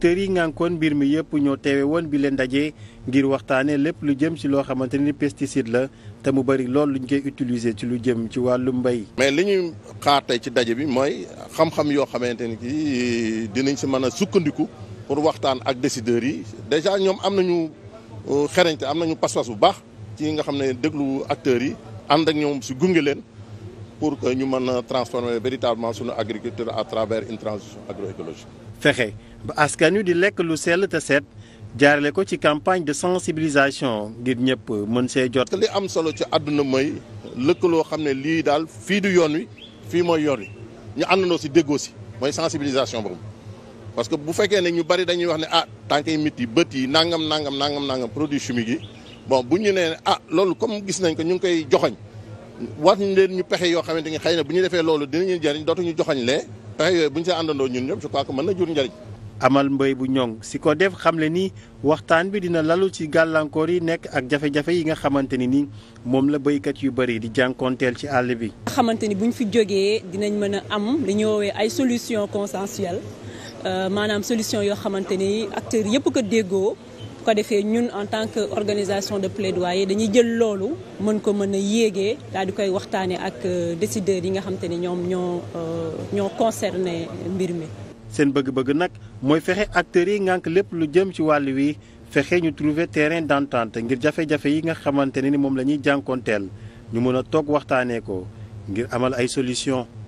acteurs yi kon mbir mi yëpp ñoo teewe woon bi leen ndaje ngir waxtaanee lépp lu jëm ci loo xamante ni pesticide la te mu bari lool luñ koy utiliser ci lu jëm ci wàllu mbay. mais li ñuy xaar tey ci daje bi mooy xam-xam yoo xamante ni kii dinañ ci mën a sukkandiku pour waxtaan ak décideurs yi déjà ñoom am nañu euh, xereñte am nañu pas-pas bu baax ci nga xam ne déglu acteurs yi ànd ak ñoom si gunge leen. pour que ñu mën a transformer véritablement sunu agriculture à travers une transition agroécologique. fexe ba askan wi di lekk lu sell te set jaarale ko ci campagne de sensibilisation ngir ñëpp mën see jot. li am solo ci àdduna mooy lëkkaloo xam ne lii daal fii du yoon wi fii mooy yoon wi ñu noo si déggoo si mooy sensibilisation boobu parce que bu fekkee ne ñu bari dañuy wax ne ah tànk yi mit yi bët yi nangam nangam nangam nangam produits chimiques yi bon nee ah loolu comme gis nañ ko ñu ngi koy joxoñ wax ñu leen ñu pexe yoo xamante ni xëy na bu ñu defee loolu dinañu jëriñ dootuñu joxañ le pexe yooyu bu ñu see àndandoo ñun ñëpp je crois que mën na jur njëriñ amal mbéy bu ñoŋ si ko def xamle ni waxtaan bi dina lalu ci gàllankoor yi nekk ak jafe-jafe yi nga xamante ni ni moom la béykat yu bëri di jànkoonteel ci àll bi. nga xamante ni bu ñu fi jógee dinañ mën a am li ñu woowee ay solution consensuelle euh, maanaam solution yoo xamante ni acteurs yëpp ko déggoo. bu ko defee ñun en tant que organisation de plaidoyer dañuy jël loolu mën ko mën a yéegee daal koy waxtaanee ak euh, décideurs yi nga xam ni ñoom ñoo euh, ñoo concerné mbir mi. seen bëgg-bëgg nag mooy fexe acteurs yi ngànk lépp lu jëm ci wàll wi fexe ñu trouver terrain d'entente ngir jafe-jafe yi nga xamante ne ni moom la ñuy jànkoonteel ñu mën a toog waxtaanee ko ngir amal ay solution